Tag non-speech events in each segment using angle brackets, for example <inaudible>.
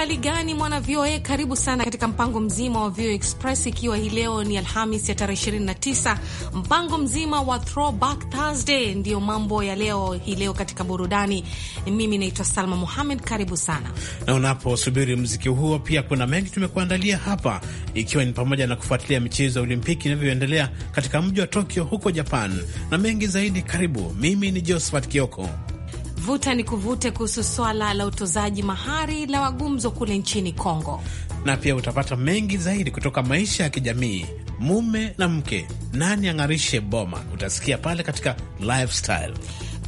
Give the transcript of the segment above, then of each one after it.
hali gani mwana VOA? Karibu sana katika mpango mzima wa VOA Express, ikiwa hii leo ni Alhamis ya tarehe 29, mpango mzima wa Throwback Thursday ndiyo mambo ya leo hii leo katika burudani. Mimi naitwa Salma Muhamed, karibu sana. Na unaposubiri mziki huo, pia kuna mengi tumekuandalia hapa, ikiwa ni pamoja na kufuatilia michezo ya Olimpiki inavyoendelea katika mji wa Tokyo huko Japan na mengi zaidi. Karibu, mimi ni Josephat Kioko vuta ni kuvute kuhusu swala la utozaji mahari la wagumzo kule nchini Kongo, na pia utapata mengi zaidi kutoka maisha ya kijamii, mume na mke, nani ang'arishe boma, utasikia pale katika lifestyle.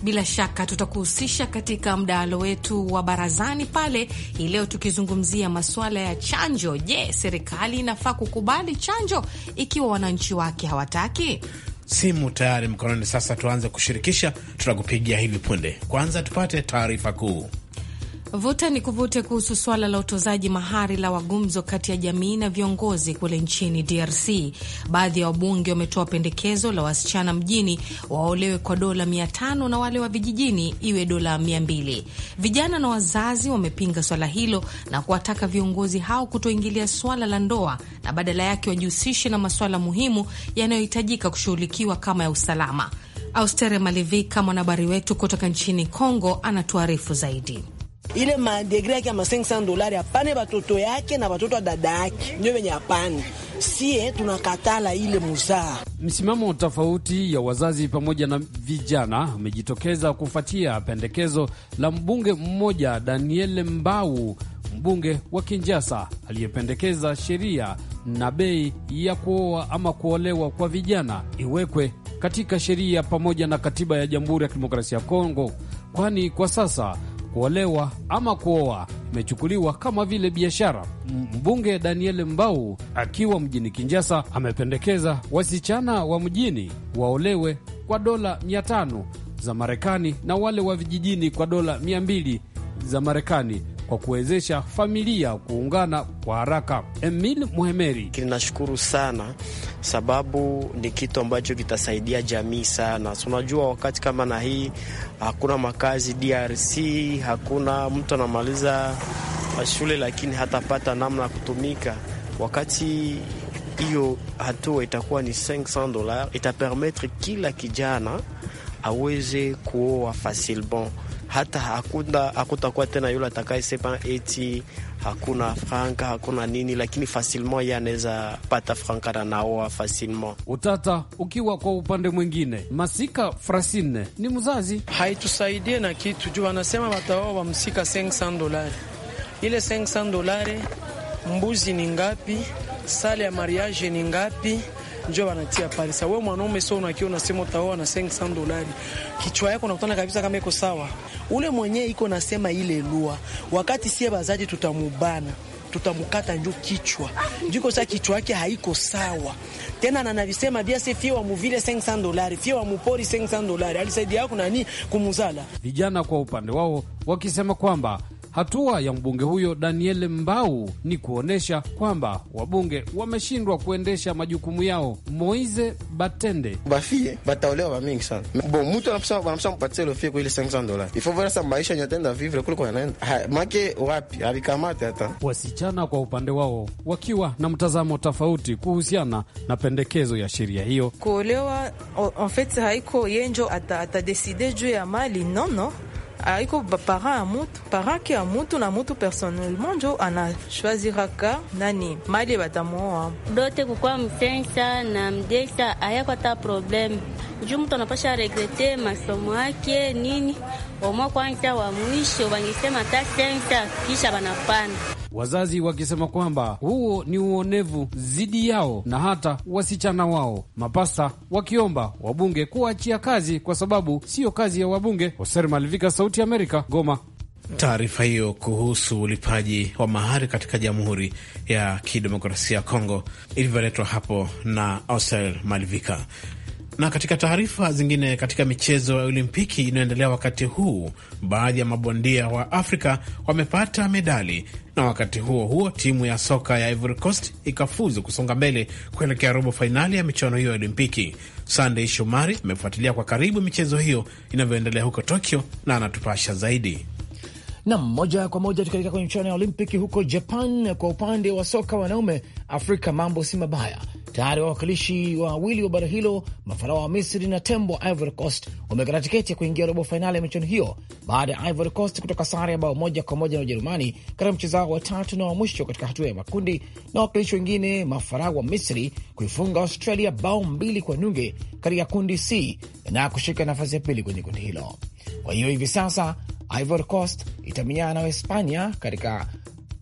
Bila shaka tutakuhusisha katika mdahalo wetu wa barazani pale hii leo, tukizungumzia masuala ya chanjo. Je, serikali inafaa kukubali chanjo ikiwa wananchi wake hawataki? simu tayari mkononi. Sasa tuanze kushirikisha, tutakupigia hivi punde. Kwanza tupate taarifa kuu. Vuta ni kuvute kuhusu swala la utozaji mahari la wagumzo kati ya jamii na viongozi kule nchini DRC. Baadhi ya wabunge wametoa pendekezo la wasichana mjini waolewe kwa dola mia tano na wale wa vijijini iwe dola mia mbili. Vijana na wazazi wamepinga swala hilo na kuwataka viongozi hao kutoingilia swala la ndoa na badala yake wajihusishe na masuala muhimu yanayohitajika kushughulikiwa kama ya usalama. Austere Malivika, mwanahabari wetu kutoka nchini Kongo, anatuarifu zaidi ile madegre yake ama ma 500 dolari apane batoto yake na batoto wa dada yake ndio wenye apane. Sie eh, tunakatala ile muzaa. Msimamo tofauti ya wazazi pamoja na vijana umejitokeza kufuatia pendekezo la mbunge mmoja Daniel Mbau, mbunge wa Kinjasa, aliyependekeza sheria na bei ya kuoa ama kuolewa kwa vijana iwekwe katika sheria pamoja na katiba ya Jamhuri ya Kidemokrasia ya Kongo, kwani kwa sasa kuolewa ama kuoa imechukuliwa kama vile biashara. Mbunge Daniel Mbau akiwa mjini kinjasa amependekeza wasichana wa mjini waolewe kwa dola mia tano za Marekani na wale wa vijijini kwa dola mia mbili za Marekani kwa kuwezesha familia kuungana kwa haraka. Emil Muhemeri: kinashukuru sana sababu ni kitu ambacho kitasaidia jamii sana. Unajua, wakati kama na hii hakuna makazi DRC, hakuna mtu anamaliza shule lakini hatapata namna ya kutumika wakati hiyo hatua itakuwa ni 500 dola, itapermetre kila kijana aweze kuoa facilement hata hakutakuwa tena yule atakayesema eti hakuna franka hakuna nini, lakini facilement ye anaweza pata franka na naoa facilement. Utata ukiwa kwa upande mwingine, Masika Frasine ni mzazi, haitusaidie na kitu juu wanasema wataoa wamsika 500 dolari, ile 500 dolari mbuzi ni ngapi? Sale ya mariage ni ngapi? njoo wanatia pale. Sasa wewe mwanaume sio unakiona unasema utaoa na 500 dolari, kichwa yako unakutana kabisa kama iko sawa, ule mwenyewe iko nasema ile lua, wakati sie bazaji tutamubana tutamkata njuu kichwa njiko saa kichwa yake haiko sawa tena, na navisema bia se fie wamuvile 500 dolari fie wamupori 500 dolari alisaidia yako nani kumuzala. Vijana kwa upande wao wakisema kwamba Hatua ya mbunge huyo Daniel Mbau ni kuonyesha kwamba wabunge wameshindwa kuendesha majukumu yao. Moise Batende: bafie bataolewa bamingi sana bo mutu anapsa mpatie lofie kwa ile 500 dola ifo sa maisha nyatenda vivre kuliko anaenda make wapi avikamate hata. Wasichana kwa upande wao wakiwa na mtazamo tofauti kuhusiana na pendekezo ya sheria hiyo. Kuolewa en fait haiko yenjo atadeside ata juu ya mali nono aiko ah, para ya mutu parake ya mutu na mutu personelmo njo anashwaziraka nani mali batamuoa dote kukwa msensa na mdesa ayako ata probleme juu mtu anapasha regrete masomo yake ah, nini omwa kwanza wa mwisho wangesema ata sensa kisha banapana wazazi wakisema kwamba huo ni uonevu dhidi yao na hata wasichana wao, mapasta wakiomba wabunge kuachia kazi kwa sababu siyo kazi ya wabunge. Hoser Malivika, Sauti ya Amerika, Goma. Taarifa hiyo kuhusu ulipaji wa mahari katika Jamhuri ya Kidemokrasia ya Kongo ilivyoletwa hapo na Osel Malivika. Na katika taarifa zingine, katika michezo ya Olimpiki inayoendelea wakati huu, baadhi ya mabondia wa Afrika wamepata medali, na wakati huo huo timu ya soka ya Ivory Coast ikafuzu kusonga mbele kuelekea robo fainali ya michuano hiyo ya Olimpiki. sandey Shomari amefuatilia kwa karibu michezo hiyo inavyoendelea huko Tokyo na anatupasha zaidi. Nam, moja kwa moja tukielekea kwenye michuano ya Olimpiki huko Japan. Kwa upande wa soka wanaume, Afrika mambo si mabaya Tayari wawakilishi wawili wa bara hilo, mafarao wa Misri na tembo wa Ivory Coast, wamekata tiketi ya kuingia robo fainali ya michuano hiyo baada ya Ivory Coast kutoka sare ya bao moja kwa moja na Ujerumani katika mchezo wao wa tatu na wa mwisho katika hatua ya makundi, na wawakilishi wengine mafarao wa Misri kuifunga Australia bao mbili kwa nunge katika kundi C na kushika nafasi ya pili kwenye kundi hilo. Kwa hiyo hivi sasa Ivory Coast itamenyana na Hispania katika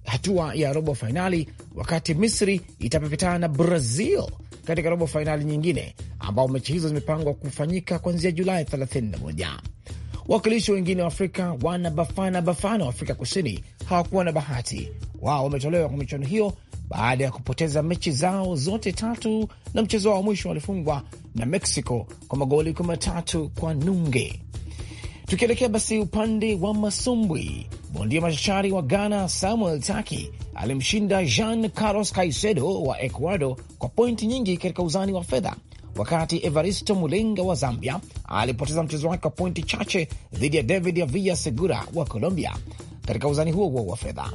hatua ya robo fainali wakati Misri itapepetana na Brazil katika robo fainali nyingine, ambao mechi hizo zimepangwa kufanyika kuanzia Julai 31. Wawakilishi wengine wa Afrika wana Bafana Bafana wa Afrika Kusini hawakuwa na bahati. Wao wametolewa kwa michuano hiyo baada ya kupoteza mechi zao zote tatu, na mchezo wao wa mwisho walifungwa na Mexico kwa magoli matatu kwa nunge. Tukielekea basi upande wa masumbwi, bondia machachari wa Ghana Samuel Taki alimshinda Jean Carlos Caicedo wa Ecuador kwa pointi nyingi katika uzani wa fedha, wakati Evaristo Mulenga wa Zambia alipoteza mchezo wake kwa pointi chache dhidi ya David Avila Segura wa Colombia katika uzani huo huo wa fedha.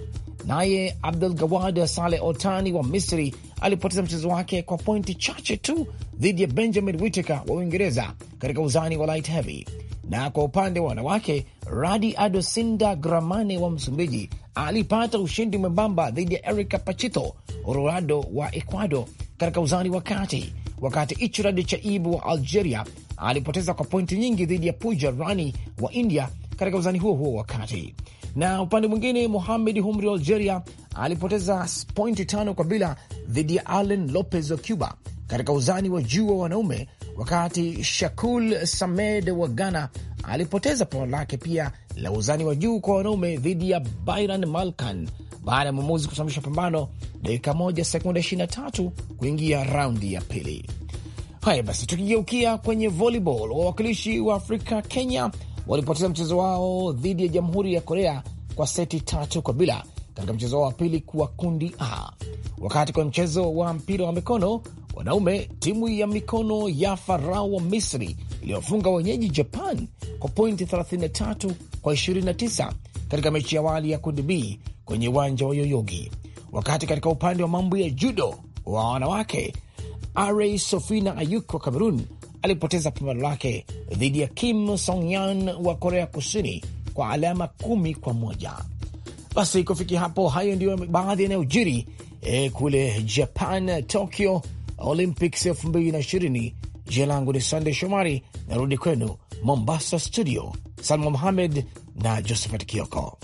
Naye Abdul Gawad Saleh Otani wa Misri alipoteza mchezo wake kwa pointi chache tu dhidi ya Benjamin Whitaker wa Uingereza katika uzani wa light heavy. Na kwa upande wa wanawake, Radi Adosinda Gramane wa Msumbiji alipata ushindi mwembamba dhidi ya erica Pachito rolado wa Ecuador katika uzani wa kati, wakati Ichrad Chaibu wa Algeria alipoteza kwa pointi nyingi dhidi ya Puja Rani wa India katika uzani huo huo wa kati. Na upande mwingine, muhamed Humri wa Algeria alipoteza pointi tano kwa bila dhidi ya alen Lopez wa Cuba katika uzani wa juu wa wanaume wakati Shakul Samed wa Ghana alipoteza pambano lake pia la uzani wa juu kwa wanaume dhidi ya Byron Malkan baada ya mwamuzi kusimamisha pambano dakika moja sekunde 23 kuingia raundi ya pili. Haya basi, tukigeukia kwenye volleyball, wawakilishi wa Afrika Kenya walipoteza mchezo wao dhidi ya Jamhuri ya Korea kwa seti tatu kwa bila katika mchezo wao wa pili kuwa kundi A, wakati kwenye mchezo wa mpira wa mikono Wanaume, timu ya mikono ya Farao wa Misri iliyofunga wenyeji Japan kwa pointi 33 kwa 29 katika mechi ya awali ya kundi B kwenye uwanja wa Yoyogi, wakati katika upande wa mambo ya judo wa wanawake Arei Sofina Ayuk wa Kamerun alipoteza pambano lake dhidi ya Kim Songyan wa Korea Kusini kwa alama kumi kwa moja. Basi kufikia hapo, hayo ndiyo baadhi yanayojiri e, kule Japan, Tokyo Olympics 2020. Jina langu ni Sandey Shomari, narudi kwenu Mombasa studio, Salma Mohamed na Josephat Kioko.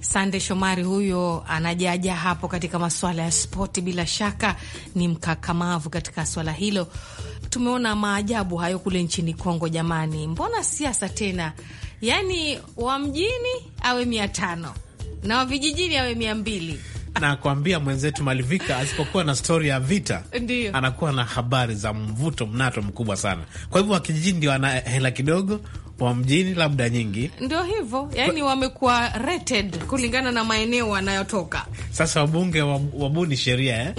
Sande Shomari huyo anajaja hapo katika masuala ya spoti, bila shaka ni mkakamavu katika swala hilo. Tumeona maajabu hayo kule nchini Kongo. Jamani, mbona siasa tena? Yaani wa mjini awe mia tano na wa vijijini awe mia mbili nakwambia mwenzetu Malivika asipokuwa na stori ya vita ndiyo, anakuwa na habari za mvuto mnato mkubwa sana. Kwa hivyo wakijijini ndio ana hela kidogo, wa mjini labda nyingi, ndio hivyo yani, wamekuwa rated kulingana na maeneo wanayotoka. Sasa wabunge wabuni sheria eh?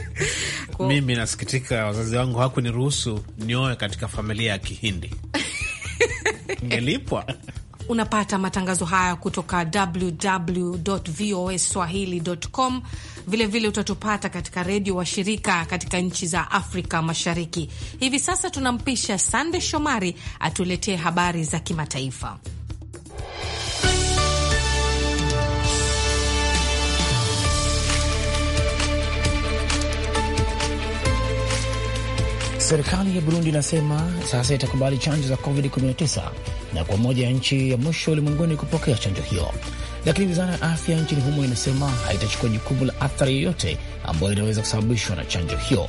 <laughs> Mimi nasikitika, wazazi wangu hawakuniruhusu nioe katika familia ya Kihindi <laughs> ngelipwa Unapata matangazo haya kutoka www.voaswahili.com. Vilevile utatupata katika redio wa shirika katika nchi za Afrika Mashariki. Hivi sasa tunampisha Sande Shomari atuletee habari za kimataifa. Serikali ya Burundi inasema sasa itakubali chanjo za COVID-19 na kwa moja ya nchi ya mwisho ulimwenguni kupokea chanjo hiyo, lakini wizara ya afya nchini humo inasema haitachukua jukumu la athari yoyote ambayo inaweza kusababishwa na chanjo hiyo.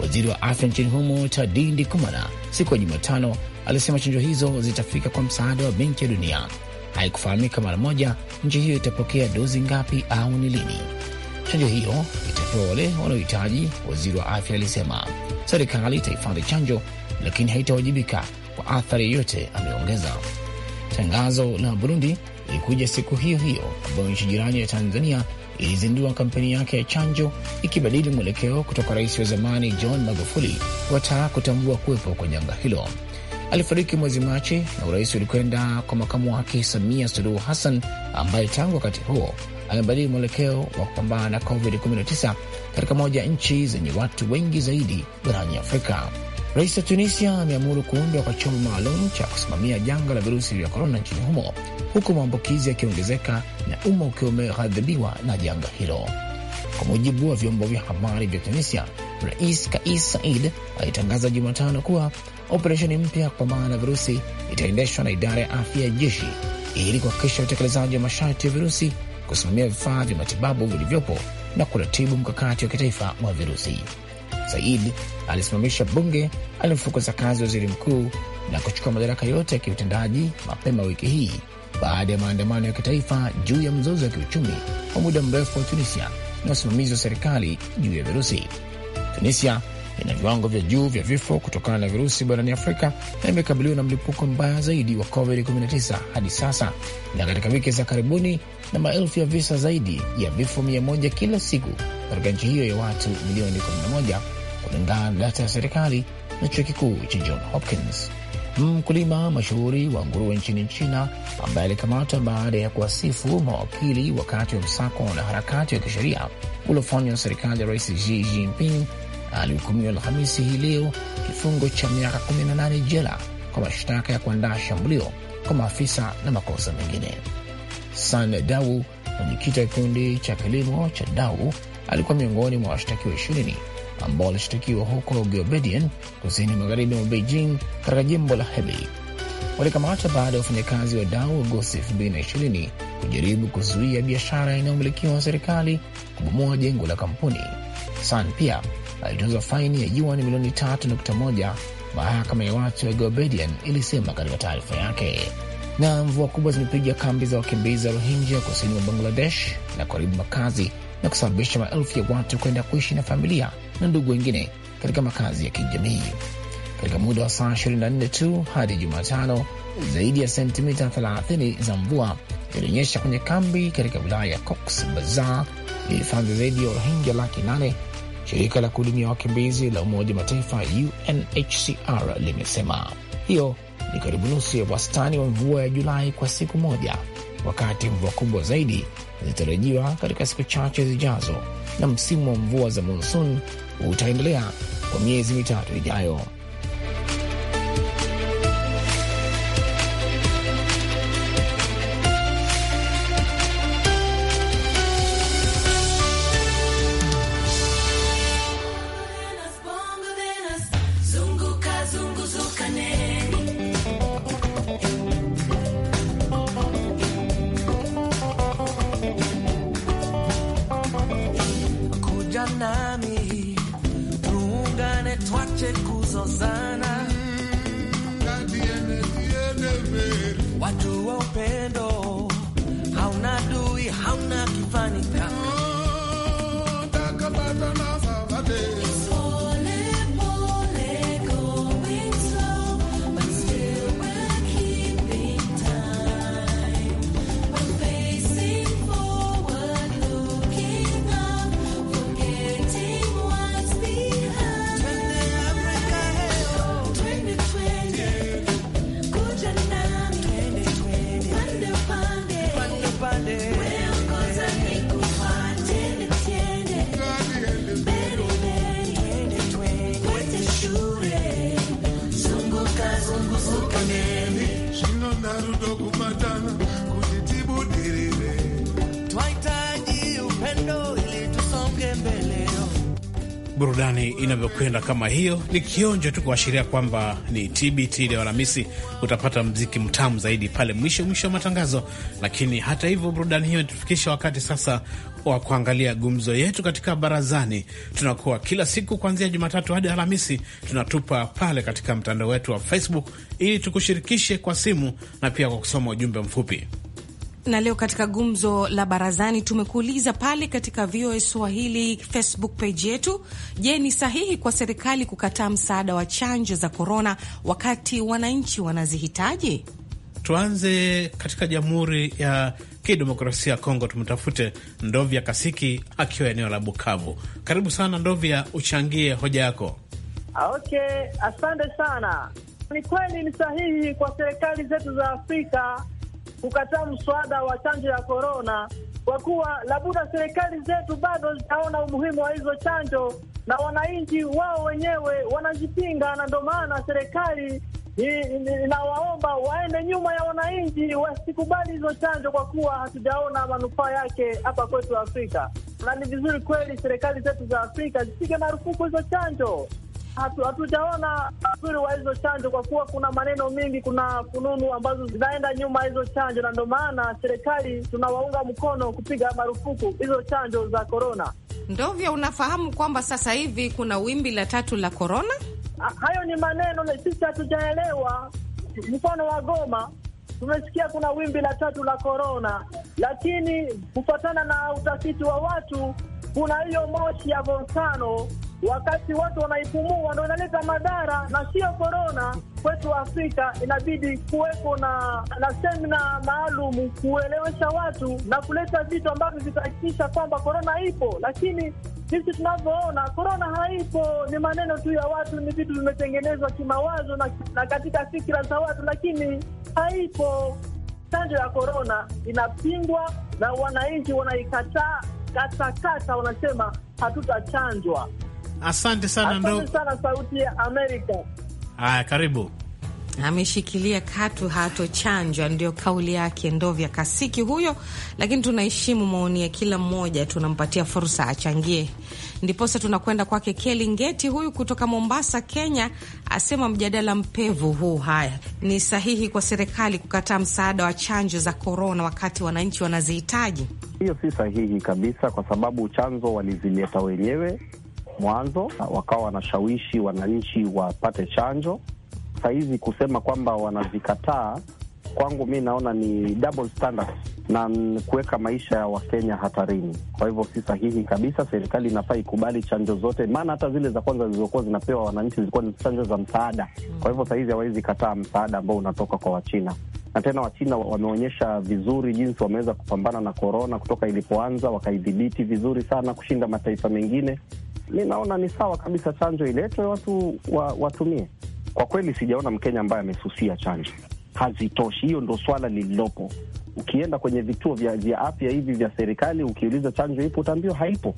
Waziri wa afya nchini humo Tadii Ndikumana siku ya Jumatano alisema chanjo hizo zitafika kwa msaada wa Benki ya Dunia. Haikufahamika mara moja nchi hiyo itapokea dozi ngapi au ni lini. Chanjo hiyo itapewa wale wanaohitaji, waziri wa afya alisema. Serikali itahifadhi chanjo, lakini haitawajibika kwa athari yoyote, ameongeza. Tangazo la Burundi lilikuja siku hiyo hiyo ambayo nchi jirani ya Tanzania ilizindua kampeni yake ya chanjo, ikibadili mwelekeo kutoka rais wa zamani John Magufuli wataa kutambua kuwepo kwa janga hilo. Alifariki mwezi Machi na urais ulikwenda kwa makamu wake Samia Suluhu Hassan ambaye tangu wakati huo amebadili mwelekeo wa kupambana na COVID-19 katika moja ya nchi zenye watu wengi zaidi barani Afrika. Rais wa Tunisia ameamuru kuundwa kwa chombo maalum cha kusimamia janga la virusi vya korona nchini humo, huku maambukizi yakiongezeka na umma ukiwa umeghadhibiwa na janga hilo. Kwa mujibu wa vyombo vya habari vya Tunisia, Rais Kais said alitangaza Jumatano kuwa operesheni mpya ya kupambana na virusi itaendeshwa na idara ya afya ya jeshi ili kuhakikisha utekelezaji wa masharti ya virusi kusimamia vifaa vya matibabu vilivyopo na kuratibu mkakati wa kitaifa wa virusi. Said alisimamisha bunge, alimfukuza kazi waziri mkuu na kuchukua madaraka yote ya kiutendaji mapema wiki hii baada ya maandamano ya kitaifa juu ya mzozo wa kiuchumi wa muda mrefu wa Tunisia na usimamizi wa serikali juu ya virusi. Tunisia ina viwango vya juu vya vifo kutokana na virusi barani Afrika na imekabiliwa na mlipuko mbaya zaidi wa COVID-19 hadi sasa, na katika wiki za karibuni na maelfu ya visa zaidi ya vifo mia kila siku katika nchi hiyo ya watu milioni 11 kulingana na data ya serikali na chuo kikuu cha John Hopkins. Mkulima mashuhuri wa nguruwe nchini China ambaye alikamatwa baada ya kuwasifu mawakili wakati wa msako na harakati wa kisheria uliofanywa na serikali ya Rais Xi Jinping alihukumiwa Alhamisi hii leo kifungo cha miaka 18 jela kwa mashtaka ya kuandaa shambulio kwa maafisa na makosa mengine san Dau, mwenyekiti wa kikundi cha kilimo cha Dau, alikuwa miongoni mwa washtakiwa ishirini ambao walishtakiwa huko Geobedian, kusini magharibi mwa Beijing, katika jimbo la Hebei. Walikamatwa baada ya wafanyakazi wa Dau Agosti ishirini kujaribu kuzuia biashara inayomilikiwa na serikali kubomoa jengo la kampuni. San pia alitozwa faini ya yuan milioni 3.1, mahakama ya watu ya Geobedian ilisema katika taarifa yake na mvua kubwa zimepiga kambi za wakimbizi wa Rohingya kusini mwa Bangladesh na kuharibu makazi na kusababisha maelfu ya watu kwenda kuishi na familia na ndugu wengine katika makazi ya kijamii. Katika muda wa saa 24 tu hadi Jumatano, zaidi ya sentimita 30 za mvua ilionyesha kwenye kambi katika wilaya ya Cox Bazar ilihifadhi zaidi ya Rohingya laki nane. Shirika la kuhudumia wakimbizi la Umoja Mataifa UNHCR limesema hiyo ni karibu nusu ya wastani wa mvua ya Julai kwa siku moja, wakati mvua kubwa zaidi zinatarajiwa katika siku chache zijazo, na msimu wa mvua za monsun utaendelea kwa miezi mitatu ijayo. tudokubatana burudani inavyokwenda kama hiyo ni kionjo tu kuashiria kwamba ni TBT leo Alhamisi. Utapata mziki mtamu zaidi pale mwisho mwisho wa matangazo, lakini hata hivyo burudani hiyo itufikisha wakati sasa wa kuangalia gumzo yetu katika barazani. Tunakuwa kila siku kuanzia Jumatatu hadi Alhamisi, tunatupa pale katika mtandao wetu wa Facebook ili tukushirikishe kwa simu na pia kwa kusoma ujumbe mfupi na leo katika gumzo la barazani tumekuuliza pale katika VOA Swahili Facebook page yetu, je, ni sahihi kwa serikali kukataa msaada wa chanjo za korona wakati wananchi wanazihitaji? Tuanze katika Jamhuri ya Kidemokrasia ya Kongo, tumtafute Ndovya Kasiki akiwa eneo la Bukavu. Karibu sana Ndovya, uchangie hoja yako. Okay, asante sana. Ni kweli ni sahihi kwa serikali zetu za Afrika kukataa mswada wa chanjo ya korona, kwa kuwa labuda serikali zetu bado zitaona umuhimu wa hizo chanjo na wananchi wao wenyewe wanajipinga, na ndio maana serikali inawaomba waende nyuma ya wananchi, wasikubali hizo chanjo kwa kuwa hatujaona manufaa yake hapa kwetu Afrika. Na ni vizuri kweli serikali zetu za Afrika zipige marufuku hizo chanjo hatujaona uzuri wa hizo chanjo kwa kuwa kuna maneno mengi, kuna fununu ambazo zinaenda nyuma hizo chanjo, na ndio maana serikali tunawaunga mkono kupiga marufuku hizo chanjo za korona. Ndovyo unafahamu kwamba sasa hivi kuna wimbi la tatu la korona. Hayo ni maneno sisi hatujaelewa. Mfano wa Goma tumesikia kuna wimbi la tatu la korona, lakini kufuatana na utafiti wa watu, kuna hiyo moshi ya volkano wakati watu wanaipumua, ndo inaleta madhara na sio korona. Kwetu Afrika inabidi kuweko na, na semina maalum kuelewesha watu na kuleta vitu ambavyo vitahakikisha kwamba korona ipo, lakini sisi tunavyoona korona haipo, ni maneno tu ya watu, ni vitu vimetengenezwa kimawazo na, na katika fikira za watu, lakini haipo. Chanjo ya korona inapingwa na wananchi wanaikataa katakata, wanasema hatutachanjwa. Asante sana ndo. sana Sauti ya Amerika. Haya, karibu. Ameshikilia katu hatochanjwa, ndio kauli yake Ndovya Kasiki huyo, lakini tunaheshimu maoni ya kila mmoja, tunampatia fursa achangie. Ndiposa tunakwenda kwake Keli Ngeti huyu kutoka Mombasa, Kenya, asema mjadala mpevu huu. Haya, ni sahihi kwa serikali kukataa msaada wa chanjo za korona wakati wananchi wanazihitaji? Hiyo si sahihi kabisa, kwa sababu chanzo walizileta wenyewe mwanzo, wakawa wanashawishi wananchi wapate chanjo. Sahizi kusema kwamba wanazikataa, kwangu mi naona ni double standard na kuweka maisha ya Wakenya hatarini. Kwa hivyo si sahihi kabisa. Serikali inafaa ikubali chanjo zote, maana hata zile za kwanza zilizokuwa zinapewa wananchi zilikuwa ni chanjo za msaada. Kwa hivyo sahizi hawawezi kataa msaada ambao unatoka kwa Wachina na tena Wachina wameonyesha vizuri jinsi wameweza kupambana na korona kutoka ilipoanza, wakaidhibiti vizuri sana kushinda mataifa mengine mi naona ni sawa kabisa, chanjo iletwe, watu wa, watumie. Kwa kweli sijaona Mkenya ambaye amesusia chanjo, hazitoshi. Hiyo ndo swala lililopo. Ukienda kwenye vituo vya, afya hivi vya serikali ukiuliza chanjo ipo, utaambiwa haipo.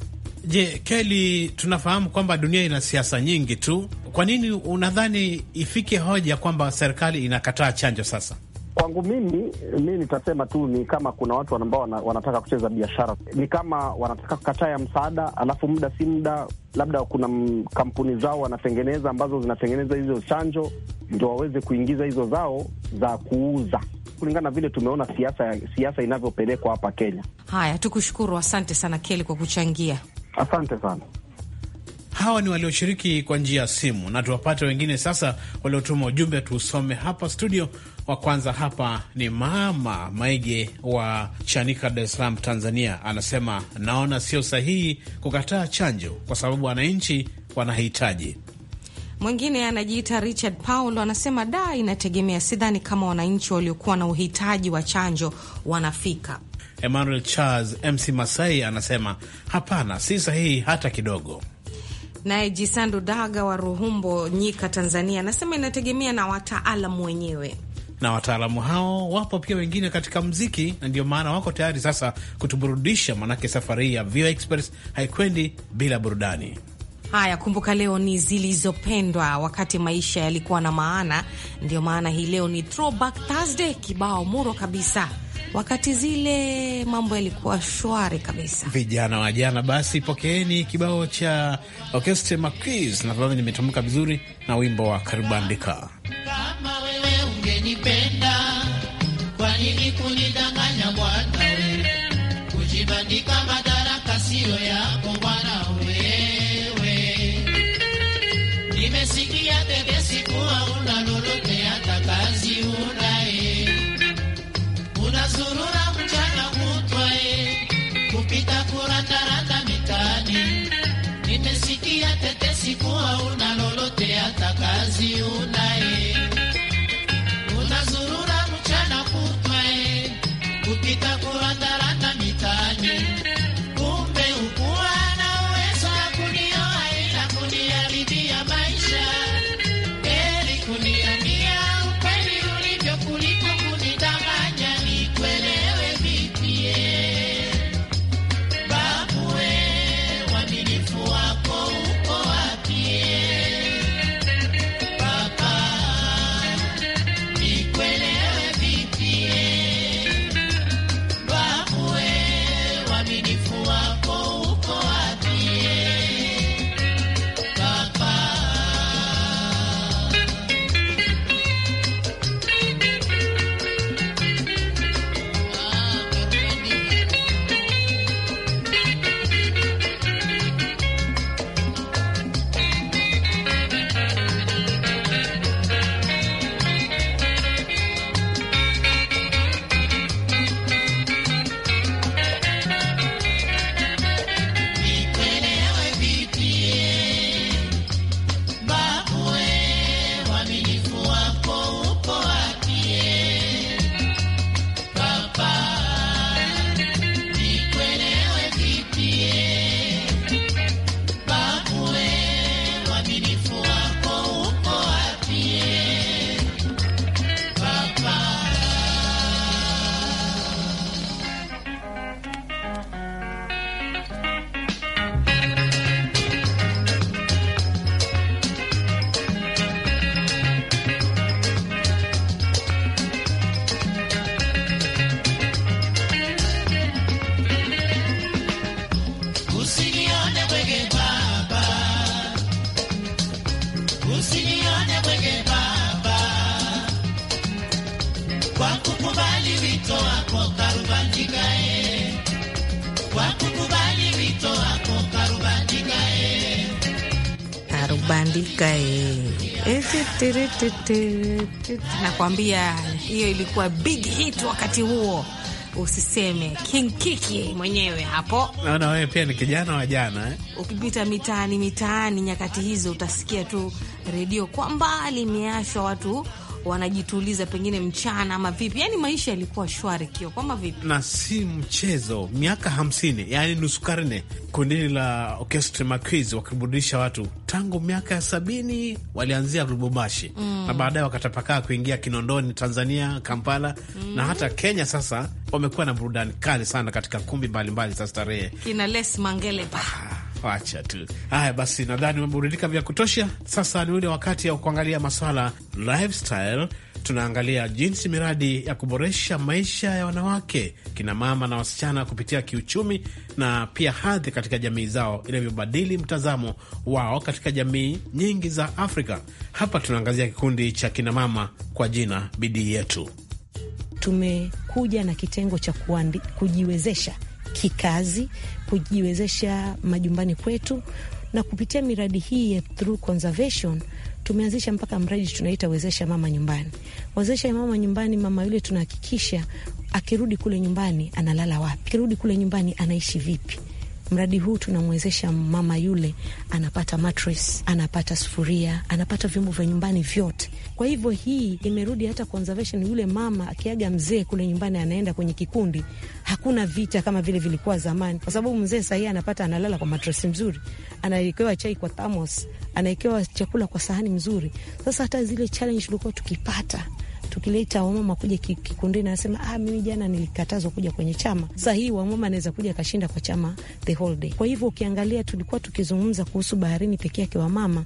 Je, Keli, tunafahamu kwamba dunia ina siasa nyingi tu. Kwa nini unadhani ifike hoja kwamba serikali inakataa chanjo sasa? Kwangu mimi mi nitasema tu ni kama kuna watu ambao wanataka kucheza biashara, ni kama wanataka kukataa ya msaada, alafu muda si muda, labda kuna kampuni zao wanatengeneza ambazo zinatengeneza hizo chanjo, ndio waweze kuingiza hizo zao za kuuza, kulingana na vile tumeona siasa siasa inavyopelekwa hapa Kenya. Haya, tukushukuru, asante sana Keli kwa kuchangia, asante sana. Hawa ni walioshiriki kwa njia ya simu, na tuwapate wengine sasa waliotuma ujumbe tuusome hapa studio. Wa kwanza hapa ni mama Maige wa Chanika, Dar es Salaam, Tanzania. Anasema naona sio sahihi kukataa chanjo kwa sababu wananchi wanahitaji. Mwingine anajiita Richard Paulo anasema da, inategemea. Sidhani kama wananchi waliokuwa na uhitaji wa chanjo wanafika. Emmanuel Charles Mc Masai anasema hapana, si sahihi hata kidogo. Naye Jisandu Daga wa Ruhumbo, Nyika, Tanzania anasema inategemea na wataalamu wenyewe na wataalamu hao wapo pia wengine katika mziki, na ndio maana wako tayari sasa kutuburudisha, maanake safari hii ya VOA Express haikwendi bila burudani. Haya, kumbuka leo ni zilizopendwa, wakati maisha yalikuwa na maana. Ndio maana hii leo ni Throwback Thursday, kibao muro kabisa wakati zile mambo yalikuwa shwari kabisa, vijana wa jana. Basi pokeeni kibao cha Orchestre Marquis, nadhani nimetamka vizuri, na wimbo wa andika hauna lolote hata kazi unaye Nakwambia hiyo ilikuwa big hit wakati huo, usiseme King Kiki mwenyewe hapo. Naona wewe pia ni kijana wa jana eh? Ukipita mitaani mitaani nyakati hizo utasikia tu redio kwa mbali imeashwa watu wanajituliza pengine mchana ama vipi? Yani maisha yalikuwa shwari kio kwama vipi, na si mchezo. Miaka hamsini, yani nusu karne, kundini la Orchestre maquis wakiburudisha watu tangu miaka ya sabini. Walianzia Lubumbashi mm. na baadaye wakatapakaa kuingia Kinondoni, Tanzania, Kampala mm. na hata Kenya. Sasa wamekuwa na burudani kali sana katika kumbi mbalimbali za starehe, kina Les Mangele pa ah pacha tu. Haya basi, nadhani umeburudika vya kutosha. Sasa ni ule wakati ya kuangalia maswala lifestyle. Tunaangalia jinsi miradi ya kuboresha maisha ya wanawake, kina mama na wasichana kupitia kiuchumi na pia hadhi katika jamii zao inavyobadili mtazamo wao katika jamii nyingi za Afrika. Hapa tunaangazia kikundi cha kina mama kwa jina Bidii Yetu. Tumekuja na kitengo cha kujiwezesha kikazi, kujiwezesha majumbani kwetu, na kupitia miradi hii ya Through Conservation tumeanzisha mpaka mradi tunaita wezesha mama nyumbani. Wezesha mama nyumbani, mama yule tunahakikisha akirudi kule nyumbani analala wapi, akirudi kule nyumbani anaishi vipi, mradi huu tunamwezesha mama yule, anapata mattress, anapata sufuria, anapata vyombo vya nyumbani vyote. Kwa hivyo hii imerudi hata conservation. Yule mama akiaga mzee kule nyumbani, anaenda kwenye kikundi, hakuna vita kama vile vilikuwa zamani, kwa sababu mzee sahii anapata, analala kwa mattress mzuri, anawekewa chai kwa thamos anaekewa chakula kwa sahani mzuri. Sasa hata zile challenge tulikuwa tukipata tukileta wamama kuja kikundini, anasema ah, mimi jana nilikatazwa kuja kwenye chama. Sasa hii wamama anaweza kuja akashinda kwa chama the whole day. Kwa hivyo ukiangalia, tulikuwa tukizungumza kuhusu baharini peke yake wamama,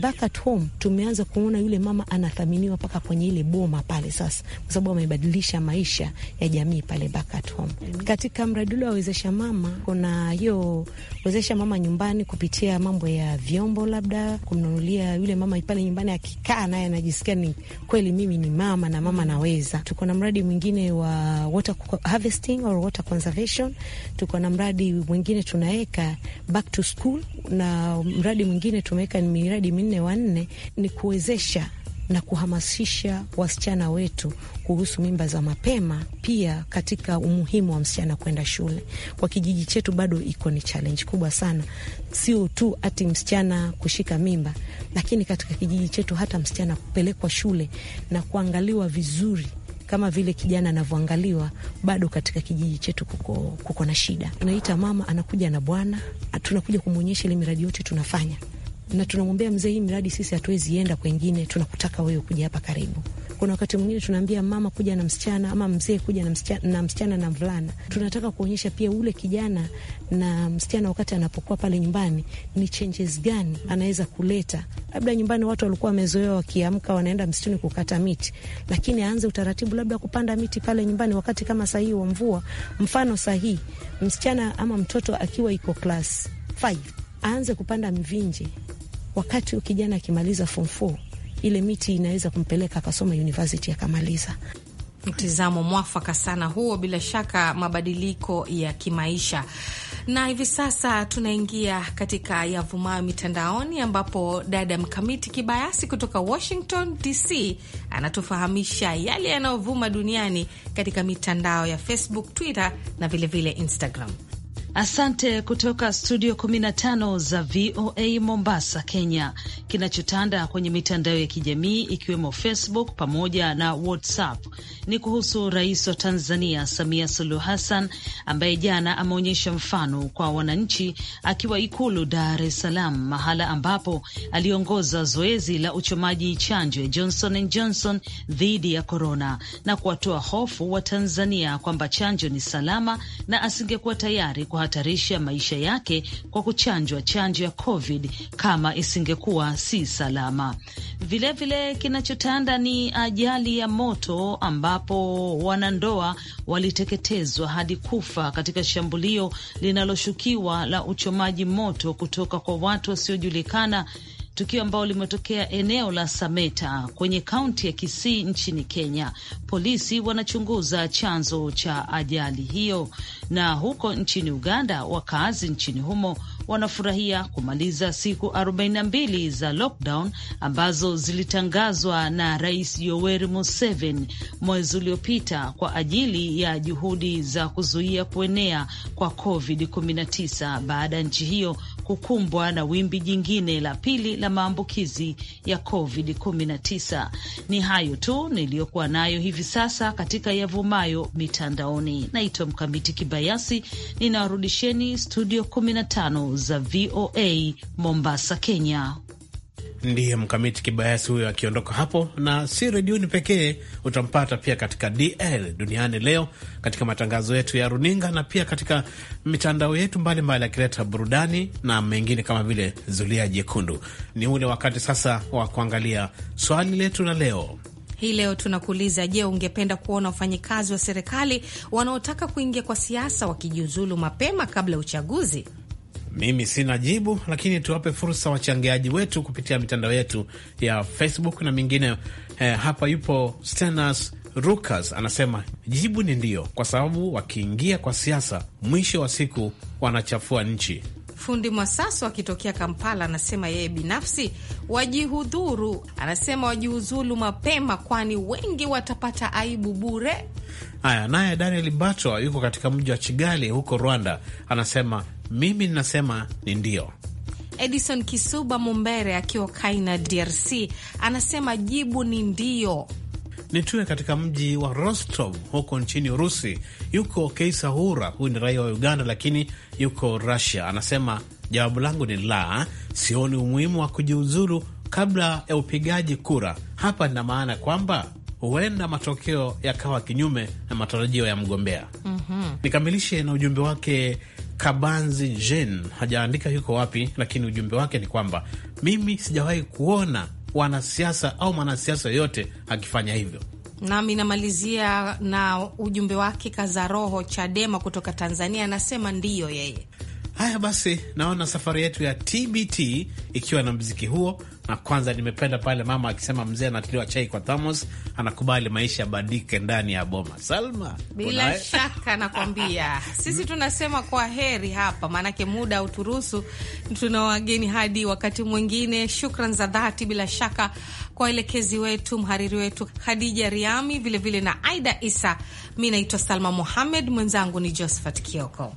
back at home tumeanza kuona yule mama anathaminiwa mpaka kwenye ile boma pale sasa, kwa sababu amebadilisha maisha ya jamii pale back at home. Mm-hmm. Katika mradi ule wawezesha mama, kuna hiyo wezesha mama nyumbani kupitia mambo ya vyombo, labda kumnunulia yule mama pale nyumbani, akikaa naye anajisikia ni kweli mimi ni mama na mama naweza. Tuko na mradi mwingine wa water harvesting or water conservation. Tuko na mradi mwingine tunaweka back to school, na mradi mwingine tumeweka miradi minne wanne, ni kuwezesha na kuhamasisha wasichana wetu kuhusu mimba za mapema, pia katika umuhimu wa msichana kwenda shule. Kwa kijiji chetu bado iko ni challenge kubwa sana, sio tu ati msichana kushika mimba, lakini katika kijiji chetu hata msichana kupelekwa shule na kuangaliwa vizuri kama vile kijana anavyoangaliwa, bado katika kijiji chetu kuko, kuko na shida. Tunaita mama anakuja na bwana, tunakuja kumwonyesha ile miradi yote tunafanya na tunamwambia mzee, hii miradi sisi hatuwezi enda kwengine, tunakutaka wewe kuja hapa karibu. Kuna wakati mwingine tunaambia mama kuja na msichana ama mzee kuja na msichana, na msichana na mvulana. Tunataka kuonyesha pia ule kijana na msichana wakati anapokuwa pale nyumbani ni changes gani anaweza kuleta. Labda nyumbani watu walikuwa wamezoea wakiamka wanaenda msituni kukata miti, lakini aanze utaratibu labda kupanda miti pale nyumbani wakati kama sahihi wa mvua. Mfano sahihi, msichana ama mtoto akiwa iko class 5 aanze kupanda mvinje Wakati kijana akimaliza form 4 ile miti inaweza kumpeleka akasoma university akamaliza. Mtizamo mwafaka sana huo, bila shaka mabadiliko ya kimaisha. Na hivi sasa tunaingia katika yavumayo mitandaoni, ambapo dada Mkamiti Kibayasi kutoka Washington DC anatufahamisha yale yanayovuma duniani katika mitandao ya Facebook, Twitter na vilevile vile Instagram. Asante kutoka studio 15 za VOA Mombasa, Kenya. Kinachotanda kwenye mitandao ya kijamii ikiwemo Facebook pamoja na WhatsApp ni kuhusu rais wa Tanzania Samia Suluhu Hassan ambaye jana ameonyesha mfano kwa wananchi akiwa Ikulu Dar es Salaam, mahala ambapo aliongoza zoezi la uchomaji chanjo ya Johnson and Johnson dhidi ya korona na kuwatoa hofu wa Tanzania kwamba chanjo ni salama na asingekuwa tayari kwa kuhatarisha maisha yake kwa kuchanjwa chanjo ya COVID kama isingekuwa si salama. Vilevile, kinachotanda ni ajali ya moto ambapo wanandoa waliteketezwa hadi kufa katika shambulio linaloshukiwa la uchomaji moto kutoka kwa watu wasiojulikana tukio ambalo limetokea eneo la Sameta kwenye kaunti ya Kisii nchini Kenya. Polisi wanachunguza chanzo cha ajali hiyo. Na huko nchini Uganda, wakazi nchini humo wanafurahia kumaliza siku 42 za lockdown ambazo zilitangazwa na Rais Yoweri Museveni mwezi uliopita kwa ajili ya juhudi za kuzuia kuenea kwa COVID-19 baada ya nchi hiyo kukumbwa na wimbi jingine la pili la maambukizi ya COVID-19. Ni hayo tu niliyokuwa nayo hivi sasa katika yavumayo mitandaoni. Naitwa Mkamiti Kibayasi, ninawarudisheni studio 15 za VOA Mombasa, Kenya. Ndiye Mkamiti Kibayasi huyo akiondoka hapo, na si redioni pekee, utampata pia katika DL Duniani Leo, katika matangazo yetu ya runinga na pia katika mitandao yetu mbalimbali, akileta burudani na mengine kama vile Zulia Jekundu. Ni ule wakati sasa wa kuangalia swali letu la leo. Hii leo tunakuuliza, je, ungependa kuona wafanyikazi wa serikali wanaotaka kuingia kwa siasa wakijiuzulu mapema kabla ya uchaguzi? Mimi sina jibu, lakini tuwape fursa wachangiaji wetu kupitia mitandao yetu ya Facebook na mingine. Eh, hapa yupo Stenas Rukas anasema jibu ni ndio, kwa sababu wakiingia kwa siasa, mwisho wa siku wanachafua nchi. Fundi Mwasaso akitokea Kampala anasema yeye binafsi wajihudhuru, anasema wajiuzulu mapema, kwani wengi watapata aibu bure. Haya, naye Daniel Batwa yuko katika mji wa Kigali huko Rwanda, anasema mimi ninasema ni ndio. Edison Kisuba Mumbere akiwa Kaina, DRC, anasema jibu ni ndio. Nitue katika mji wa Rostov huko nchini Urusi, yuko Keisahura, huyu ni raia wa Uganda lakini yuko rasia anasema jawabu langu ni la, sioni umuhimu wa kujiuzuru kabla ya upigaji kura. Hapa nina maana kwamba huenda matokeo yakawa kinyume na matarajio ya mgombea. mm -hmm. Nikamilishe na ujumbe wake Kabanzi Jen hajaandika yuko wapi, lakini ujumbe wake ni kwamba mimi sijawahi kuona wanasiasa au mwanasiasa yoyote akifanya hivyo. Nami namalizia na ujumbe wake Kaza Roho Chadema kutoka Tanzania, anasema ndiyo yeye Haya basi, naona safari yetu ya TBT ikiwa na mziki huo. Na kwanza nimependa pale mama akisema mzee anatiliwa chai kwa thamos, anakubali maisha yabadike ndani ya boma. Salma, bila e? shaka nakwambia <laughs> sisi tunasema kwa heri hapa, maanake muda auturusu tuna wageni hadi wakati mwingine. Shukran za dhati bila shaka kwa waelekezi wetu, mhariri wetu Khadija Riami, vilevile vile na Aida Isa. Mi naitwa Salma muhamed mwenzangu ni Josephat Kioko.